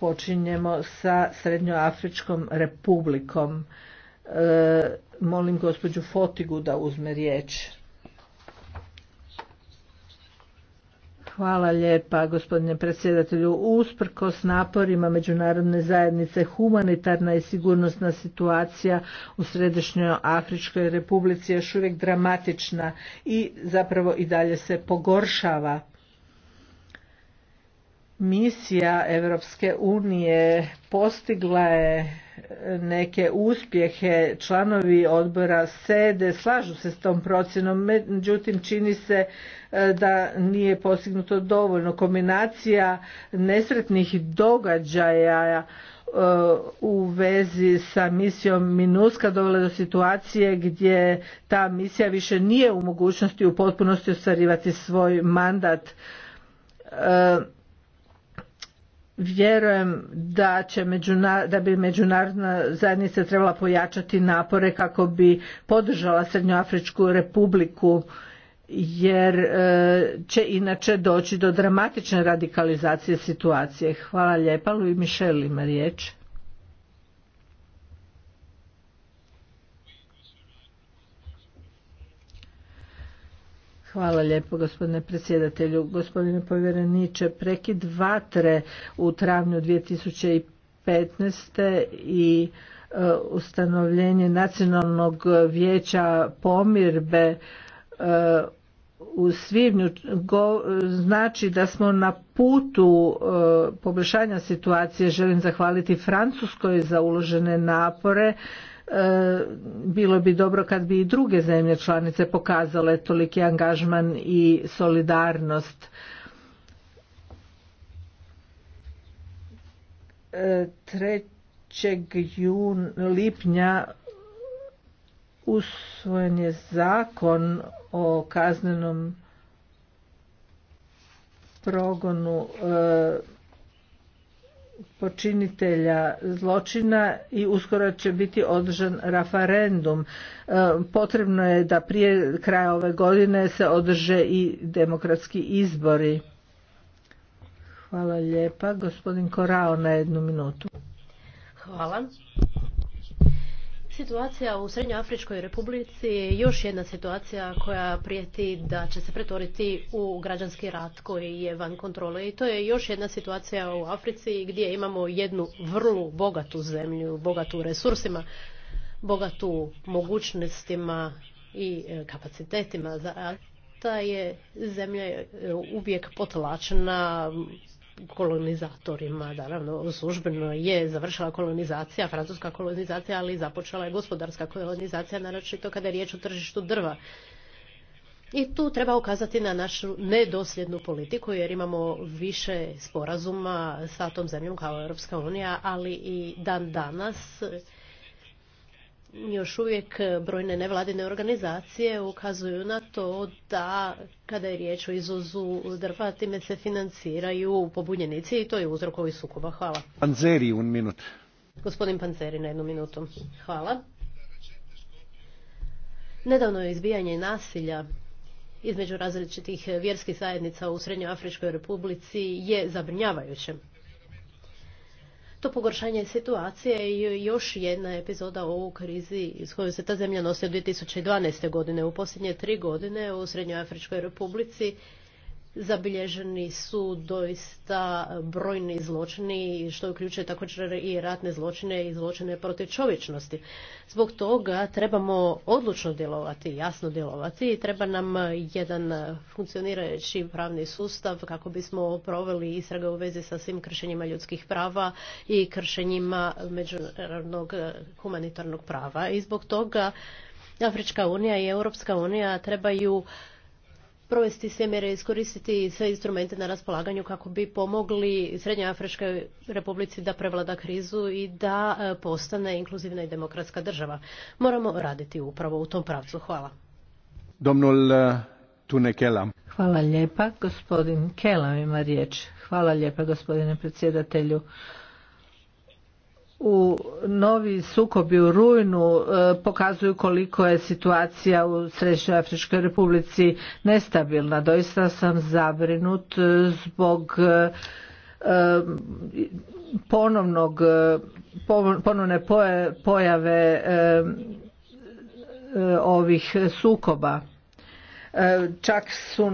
Počinjemo sa Srednjoafričkom republikom. E, molim gospođu Fotigu da uzme riječ. Hvala lijepa gospodine predsjedatelju. Usprkos naporima međunarodne zajednice humanitarna i sigurnosna situacija u Središnjoj Afričkoj Republici još uvijek dramatična i zapravo i dalje se pogoršava misija Europske unije postigla je neke uspjehe članovi odbora sede slažu se s tom procjenom međutim čini se e, da nije postignuto dovoljno kombinacija nesretnih događaja e, u vezi sa misijom Minuska dovela do situacije gdje ta misija više nije u mogućnosti u potpunosti ostvarivati svoj mandat e, vjerujem da, će da bi međunarodna zajednica trebala pojačati napore kako bi podržala Srednjoafričku republiku jer e, će inače doći do dramatične radikalizacije situacije. Hvala lijepa. Louis Michel ima riječ. Hvala lijepo gospodine predsjedatelju. Gospodine povjereniče, prekid vatre u travnju 2015. i e, ustanovljenje nacionalnog vijeća pomirbe e, u svibnju znači da smo na putu e, poboljšanja situacije. Želim zahvaliti Francuskoj za uložene napore E, bilo bi dobro kad bi i druge zemlje članice pokazale toliki angažman i solidarnost e, trećeg lipnja usvojen je zakon o kaznenom progonu e, počinitelja zločina i uskoro će biti održan referendum. E, potrebno je da prije kraja ove godine se održe i demokratski izbori. Hvala lijepa. Gospodin Korao na jednu minutu. Hvala. Situacija u Srednjoafričkoj republici je još jedna situacija koja prijeti da će se pretvoriti u građanski rat koji je van kontrole i to je još jedna situacija u Africi gdje imamo jednu vrlo bogatu zemlju, bogatu resursima, bogatu mogućnostima i e, kapacitetima. Ta je zemlja e, uvijek potlačena kolonizatorima. Naravno, službeno je završila kolonizacija, francuska kolonizacija, ali započela je gospodarska kolonizacija, naročito kada je riječ o tržištu drva. I tu treba ukazati na našu nedosljednu politiku jer imamo više sporazuma sa tom zemljom kao Europska unija, ali i dan danas još uvijek e, brojne nevladine organizacije ukazuju na to da kada je riječ o izuzu drva, time se financiraju pobunjenici i to je uzrok ovih sukoba. Hvala. Panzeri, un minut. Gospodin Panzeri, na jednu minutu. Hvala. Nedavno je izbijanje nasilja između različitih vjerskih zajednica u Srednjoafričkoj republici je zabrinjavajuće. To pogoršanje situacije i još jedna epizoda o krizi s kojom se ta zemlja nosi od 2012. godine. U posljednje tri godine u Srednjoafričkoj republici zabilježeni su doista brojni zločini, što uključuje također i ratne zločine i zločine protiv čovječnosti. Zbog toga trebamo odlučno djelovati, jasno djelovati i treba nam jedan funkcionirajući pravni sustav kako bismo proveli istrage u vezi sa svim kršenjima ljudskih prava i kršenjima međunarodnog humanitarnog prava. I zbog toga Afrička unija i Europska unija trebaju provesti sve mjere, i iskoristiti sve instrumente na raspolaganju kako bi pomogli Srednjoafričkoj republici da prevlada krizu i da e, postane inkluzivna i demokratska država. Moramo raditi upravo u tom pravcu. Hvala. Domnul e, Hvala lijepa. Gospodin Kelam ima riječ. Hvala lijepa gospodine predsjedatelju u novi sukobi u rujnu e, pokazuju koliko je situacija u Središnjoj Afričkoj Republici nestabilna. Doista sam zabrinut e, zbog e, ponovnog ponovne pojave ovih sukoba. E, čak, su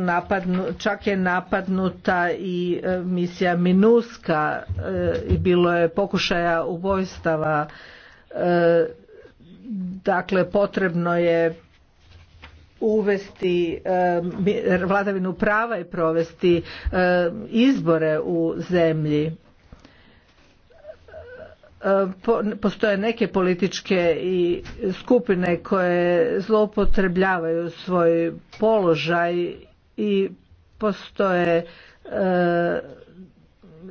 čak je napadnuta i e, misija Minuska e, i bilo je pokušaja ubojstava dakle potrebno je uvesti vladavinu prava i provesti izbore u zemlji postoje neke političke i skupine koje zloupotrebljavaju svoj položaj i postoje e,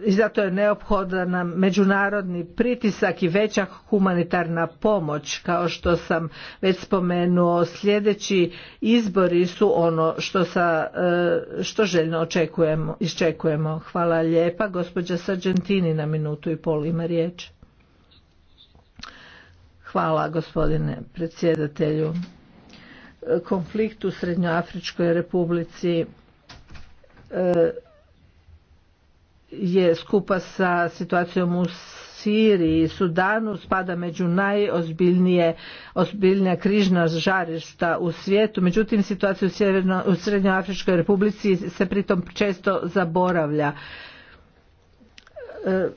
i zato je neophodan nam međunarodni pritisak i veća humanitarna pomoć kao što sam već spomenuo sljedeći izbori su ono što, sa, e, što željno očekujemo, iščekujemo hvala lijepa gospođa Sargentini na minutu i pol ima riječ Hvala gospodine predsjedatelju. Konflikt u Srednjoafričkoj republici e, je skupa sa situacijom u Siriji i Sudanu spada među najozbiljnije ozbiljnija križna žarišta u svijetu. Međutim, situacija u, u Srednjoafričkoj republici se pritom često zaboravlja. E,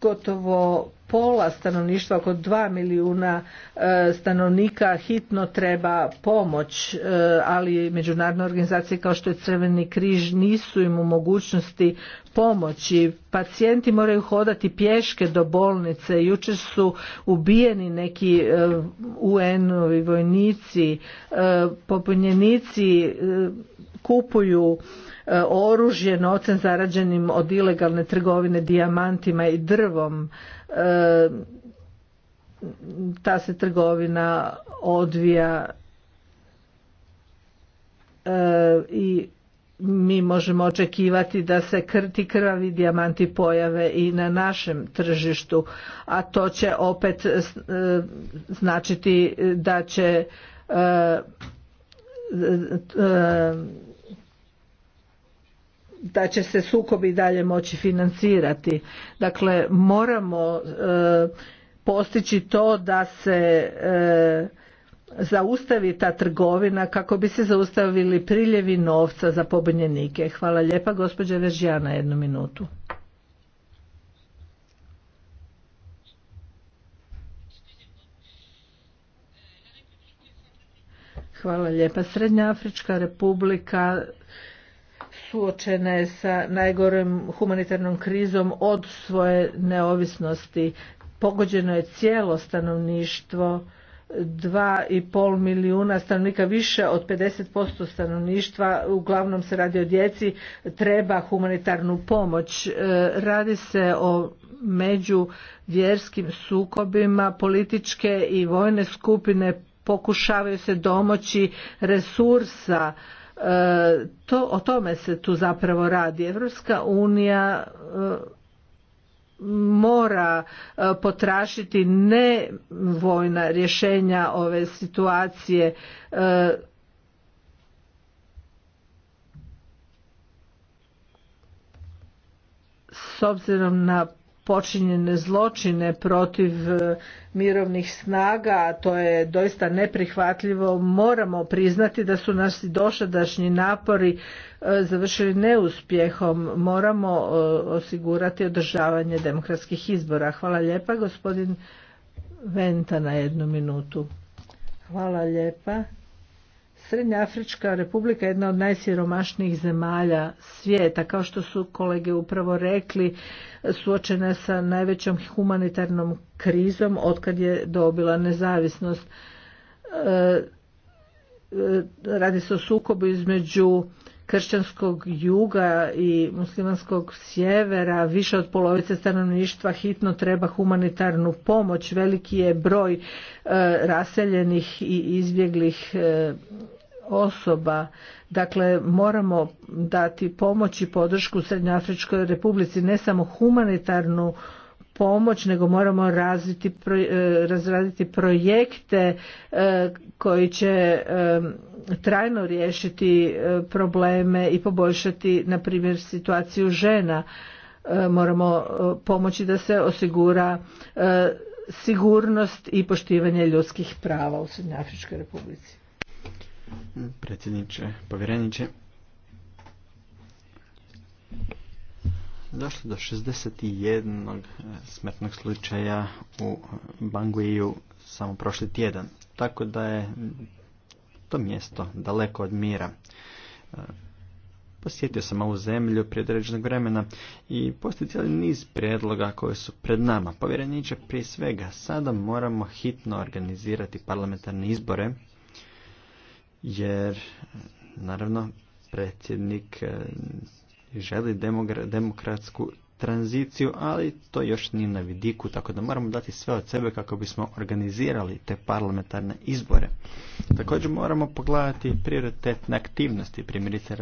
gotovo pola stanovništva, oko dva milijuna e, stanovnika hitno treba pomoć, e, ali međunarodne organizacije kao što je Crveni križ nisu im u mogućnosti pomoći. Pacijenti moraju hodati pješke do bolnice. Jučer su ubijeni neki e, UN-ovi vojnici, popunjenici kupuju oružje novcem zarađenim od ilegalne trgovine dijamantima i drvom. E, ta se trgovina odvija e, i mi možemo očekivati da se krti krvavi dijamanti pojave i na našem tržištu, a to će opet e, značiti da će da će se sukobi dalje moći financirati. Dakle, moramo e, postići to da se e, zaustavi ta trgovina kako bi se zaustavili priljevi novca za pobunjenike. Hvala lijepa gospođa Vežjana jednu minutu. Hvala lijepa. Srednja Afrička republika suočena je sa najgorom humanitarnom krizom od svoje neovisnosti. Pogođeno je cijelo stanovništvo, 2,5 milijuna stanovnika, više od 50% stanovništva, uglavnom se radi o djeci, treba humanitarnu pomoć. E, radi se o među vjerskim sukobima, političke i vojne skupine pokušavaju se domoći resursa to, o tome se tu zapravo radi. Evropska unija e, mora e, potrašiti ne vojna rješenja ove situacije e, s obzirom na počinjene zločine protiv e, mirovnih snaga, a to je doista neprihvatljivo, moramo priznati da su naši došadašnji napori e, završili neuspjehom. Moramo e, osigurati održavanje demokratskih izbora. Hvala lijepa, gospodin Venta na jednu minutu. Hvala lijepa. Srednja Afrička republika je jedna od najsiromašnijih zemalja svijeta. Kao što su kolege upravo rekli, suočena sa najvećom humanitarnom krizom otkad je dobila nezavisnost. E, e, radi se o sukobu između kršćanskog juga i muslimanskog sjevera više od polovice stanovništva hitno treba humanitarnu pomoć. Veliki je broj e, raseljenih i izbjeglih e, osoba. Dakle, moramo dati pomoć i podršku Srednjoafričkoj republici, ne samo humanitarnu pomoć nego moramo razviti, e, razraditi projekte e, koji će e, trajno riješiti probleme i poboljšati na primjer situaciju žena moramo pomoći da se osigura sigurnost i poštivanje ljudskih prava u Srednjoafričkoj republici. Predsjedniče, povjereniče, došlo do 61 e, smrtnog slučaja u Banguiju samo prošli tjedan. Tako da je to mjesto daleko od mira. E, posjetio sam ovu zemlju prije određenog vremena i postoji cijeli niz prijedloga koje su pred nama. Povjereniče, prije svega, sada moramo hitno organizirati parlamentarne izbore, jer, naravno, predsjednik e, želi demokratsku tranziciju, ali to još nije na vidiku, tako da moramo dati sve od sebe kako bismo organizirali te parlamentarne izbore. Također moramo pogledati prioritetne aktivnosti, primjerice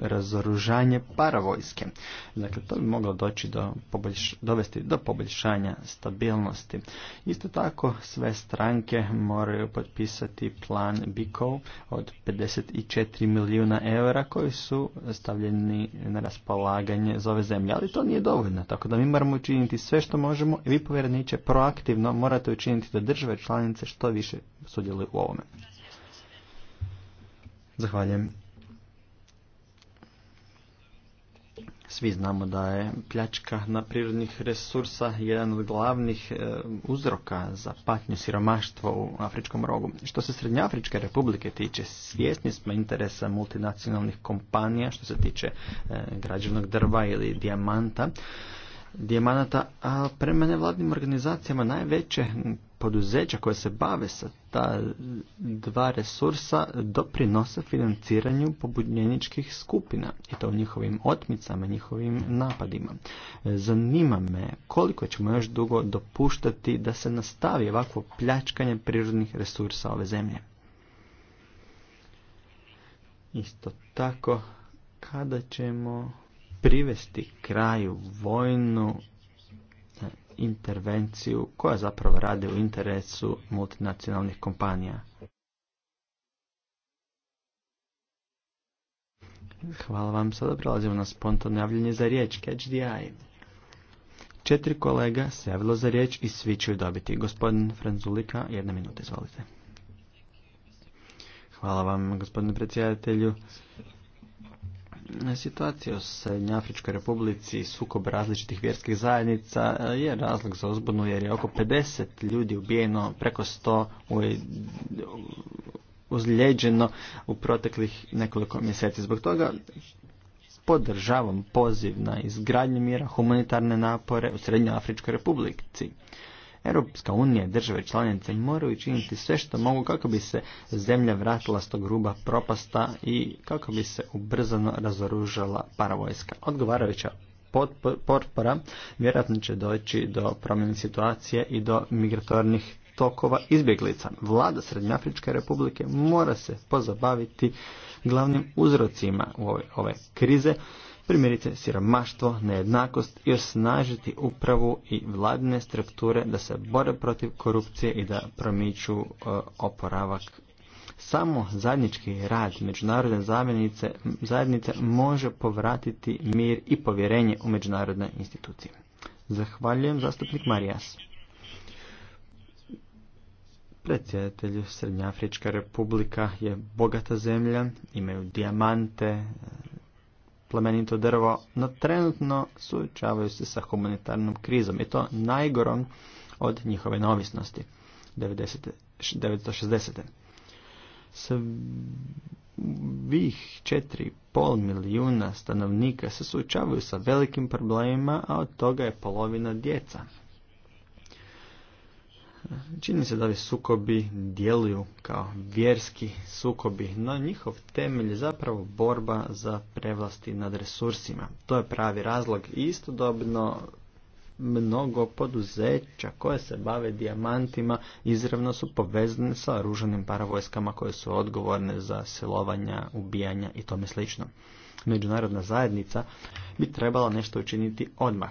razoružanje paravojske. Dakle, to bi moglo doći do poboljš, dovesti do poboljšanja stabilnosti. Isto tako, sve stranke moraju potpisati plan BICO od 54 milijuna eura koji su stavljeni na raspolaganje za ove zemlje, ali to nije dovoljno, tako da mi moramo učiniti sve što možemo i vi povjereniče proaktivno morate učiniti da države članice što više sudjeluju u ovome. Zahvaljujem. Svi znamo da je pljačka na prirodnih resursa jedan od glavnih e, uzroka za patnju siromaštva u Afričkom rogu. Što se Srednjoafričke republike tiče, svjesni smo interesa multinacionalnih kompanija što se tiče e, građevnog drva ili dijamanta dijamanata, a prema nevladnim organizacijama najveće poduzeća koje se bave sa ta dva resursa doprinose financiranju pobudnjeničkih skupina i to njihovim otmicama, njihovim napadima. Zanima me koliko ćemo još dugo dopuštati da se nastavi ovakvo pljačkanje prirodnih resursa ove zemlje. Isto tako, kada ćemo privesti kraju vojnu intervenciju koja zapravo radi u interesu multinacionalnih kompanija. Hvala vam. Sada prelazimo na spontano javljanje za riječ. Catch the eye. Četiri kolega se javilo za riječ i svi će dobiti. Gospodin Franzulika, jedna minuta, izvolite. Hvala vam, gospodine predsjedatelju. Situacija u Afričkoj republici sukob različitih vjerskih zajednica eh, je razlog za uzbunu jer je oko 50 ljudi ubijeno, preko 100 uzljeđeno u proteklih nekoliko mjeseci. Zbog toga podržavam poziv na izgradnju mira humanitarne napore u Afričkoj republici. Europska unija i države članice moraju činiti sve što mogu kako bi se zemlja vratila s tog ruba propasta i kako bi se ubrzano razoružala paravojska. Odgovarajuća potpora vjerojatno će doći do promjene situacije i do migratornih tokova izbjeglica. Vlada Srednjoafričke republike mora se pozabaviti glavnim uzrocima ove krize primjerice siromaštvo, nejednakost i osnažiti upravu i vladine strukture da se bore protiv korupcije i da promiču e, oporavak. Samo zajednički rad međunarodne zajednice, može povratiti mir i povjerenje u međunarodne institucije. Zahvaljujem zastupnik Marijas. Predsjedatelju Srednjafrička republika je bogata zemlja, imaju dijamante, plemenito drvo, no trenutno suočavaju se sa humanitarnom krizom i to najgorom od njihove neovisnosti 1960. 960. Svih 4,5 milijuna stanovnika se suočavaju sa velikim problemima, a od toga je polovina djeca. Čini se da sukobi djeluju kao vjerski sukobi, no njihov temelj je zapravo borba za prevlasti nad resursima. To je pravi razlog i istodobno mnogo poduzeća koje se bave dijamantima izravno su povezane sa oružanim paravojskama koje su odgovorne za silovanja, ubijanja i tome slično. Međunarodna zajednica bi trebala nešto učiniti odmah.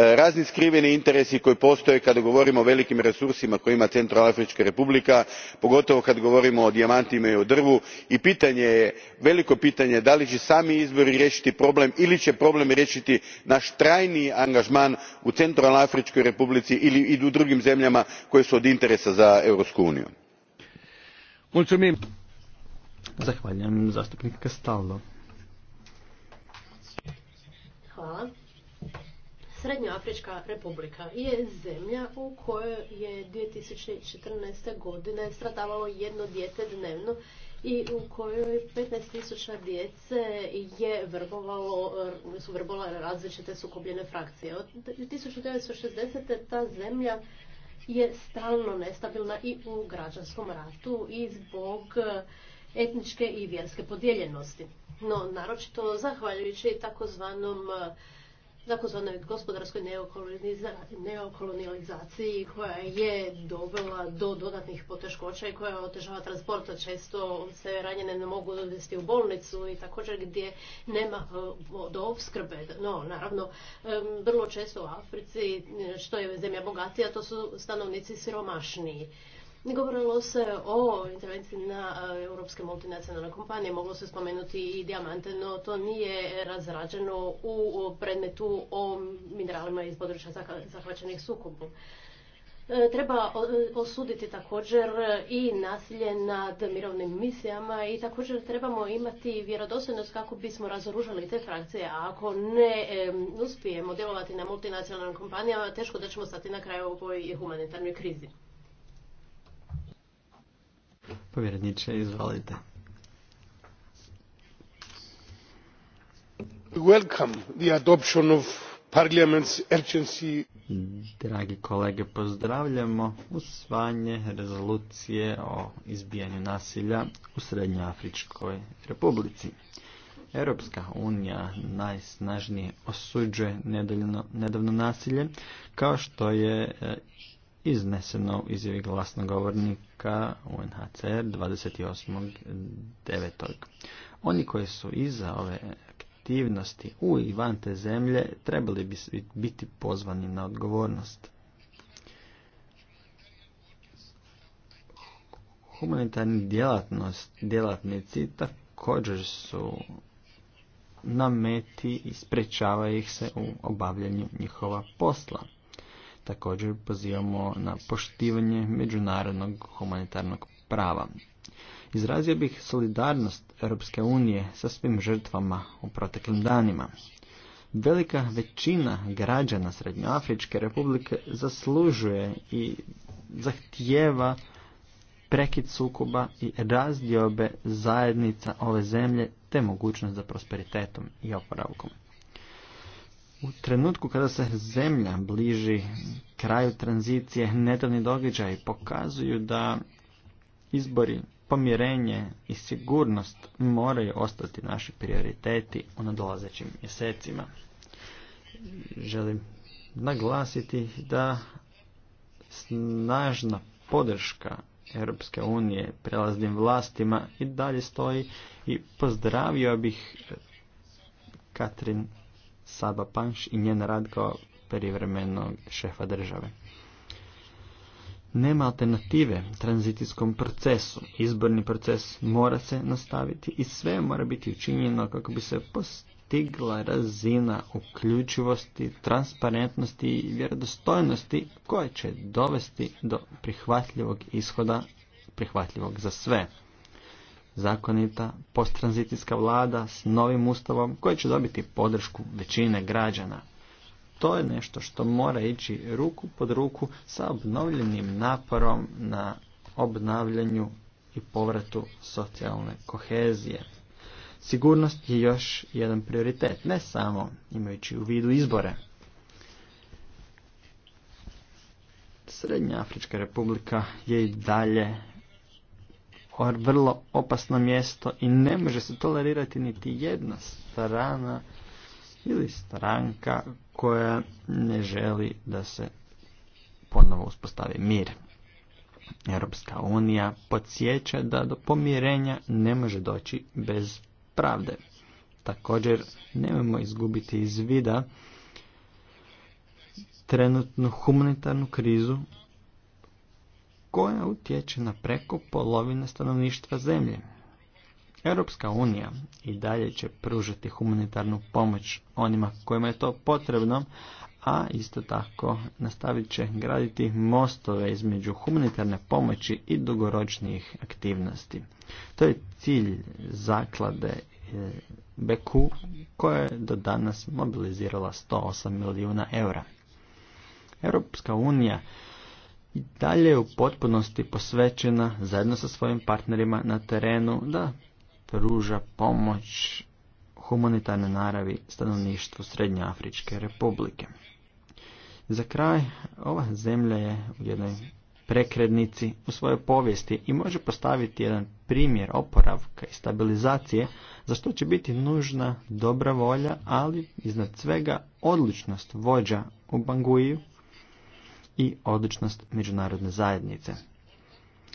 E, razni skriveni interesi koji postoje kada govorimo o velikim resursima koje ima Centro-Afrička republika pogotovo kad govorimo o dijamantima i o drvu i pitanje je veliko pitanje da li će sami izbori riješiti problem ili će problem riješiti naš trajni angažman u Centro-Afričkoj republici ili u drugim zemljama koje su od interesa za europsku uniju. Srednjoafrička republika je zemlja u kojoj je 2014. godine stradavalo jedno dijete dnevno i u kojoj 15.000 djece je vrbovalo, su vrbove različite sukobljene frakcije. Od 1960. ta zemlja je stalno nestabilna i u građanskom ratu i zbog etničke i vjerske podijeljenosti. No, naročito zahvaljujući takozvanom takozvanoj gospodarskoj neokolonizaciji koja je dovela do dodatnih poteškoća i koja otežava transporta. Često se ranjene ne mogu odvesti u bolnicu i također gdje nema e, do No, naravno, e, vrlo često u Africi, e, što je zemlja bogatija, to su stanovnici siromašniji. Govorilo se o intervenciji na europske multinacionalne kompanije, moglo se spomenuti i dijamante, no to nije razrađeno u predmetu o mineralima iz područja zahvaćenih sukobom. E, treba osuditi također i nasilje nad mirovnim misijama i također trebamo imati vjerodostojnost kako bismo razoružali te frakcije, a ako ne e, uspijemo djelovati na multinacionalnim kompanijama, teško da ćemo stati na kraju ovoj humanitarnoj krizi. Povjereniče, izvalite. Welcome the adoption of parliament's urgency. Dragi kolege, pozdravljamo usvajanje rezolucije o izbijanju nasilja u Srednjoafričkoj republici. Europska unija najsnažnije osuđuje nedavno nasilje, kao što je e, izneseno u izjavi glasnogovornika UNHCR 28.9. Oni koji su iza ove aktivnosti u i van te zemlje trebali bi biti pozvani na odgovornost. Humanitarni djelatnost, djelatnici također su na meti i sprečava ih se u obavljanju njihova posla također pozivamo na poštivanje međunarodnog humanitarnog prava. Izrazio bih solidarnost Europske unije sa svim žrtvama u proteklim danima. Velika većina građana Srednjoafričke republike zaslužuje i zahtijeva prekid sukoba i razdiobe zajednica ove zemlje te mogućnost za prosperitetom i oporavkom. U trenutku kada se zemlja bliži kraju tranzicije, nedavni događaj pokazuju da izbori, pomirenje i sigurnost moraju ostati naši prioriteti u nadolazećim mjesecima. Želim naglasiti da snažna podrška Europske unije prelaznim vlastima i dalje stoji i pozdravio bih Katrin Saba Panš i njen rad kao privremenog šefa države. Nema alternative tranzicijskom procesu. Izborni proces mora se nastaviti i sve mora biti učinjeno kako bi se postigla razina uključivosti, transparentnosti i vjerodostojnosti koja će dovesti do prihvatljivog ishoda, prihvatljivog za sve zakonita posttranzicijska vlada s novim ustavom koji će dobiti podršku većine građana. To je nešto što mora ići ruku pod ruku sa obnovljenim naporom na obnavljanju i povratu socijalne kohezije. Sigurnost je još jedan prioritet, ne samo imajući u vidu izbore. Srednja Afrička republika je i dalje vrlo opasno mjesto i ne može se tolerirati niti jedna strana ili stranka koja ne želi da se ponovo uspostavi mir. Europska unija podsjeća da do pomirenja ne može doći bez pravde. Također, nemojmo izgubiti iz vida trenutnu humanitarnu krizu koja utječe na preko polovine stanovništva zemlje. Europska unija i dalje će pružati humanitarnu pomoć onima kojima je to potrebno, a isto tako nastavit će graditi mostove između humanitarne pomoći i dugoročnijih aktivnosti. To je cilj zaklade e, Beku koja je do danas mobilizirala 108 milijuna eura. Europska unija i dalje je u potpunosti posvećena zajedno sa svojim partnerima na terenu da pruža pomoć humanitarne naravi stanovništvu Srednje Afričke republike. Za kraj, ova zemlja je u jednoj prekrednici u svojoj povijesti i može postaviti jedan primjer oporavka i stabilizacije za što će biti nužna dobra volja, ali iznad svega odličnost vođa u Banguiju i odličnost međunarodne zajednice.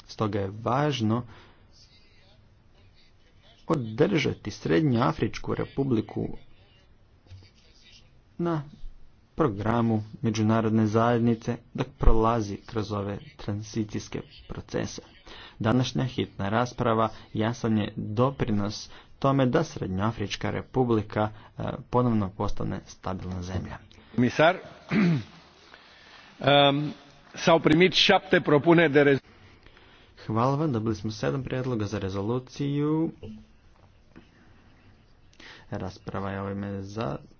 Stoga je važno održati Afričku republiku na programu međunarodne zajednice da prolazi kroz ove tranzicijske procese. Današnja hitna rasprava jasan je doprinos tome da Srednjoafrička republika e, ponovno postane stabilna zemlja. Komisar, Ehm, Hvala vam, dobili smo sedam prijedloga za rezoluciju. Rasprava je ovime za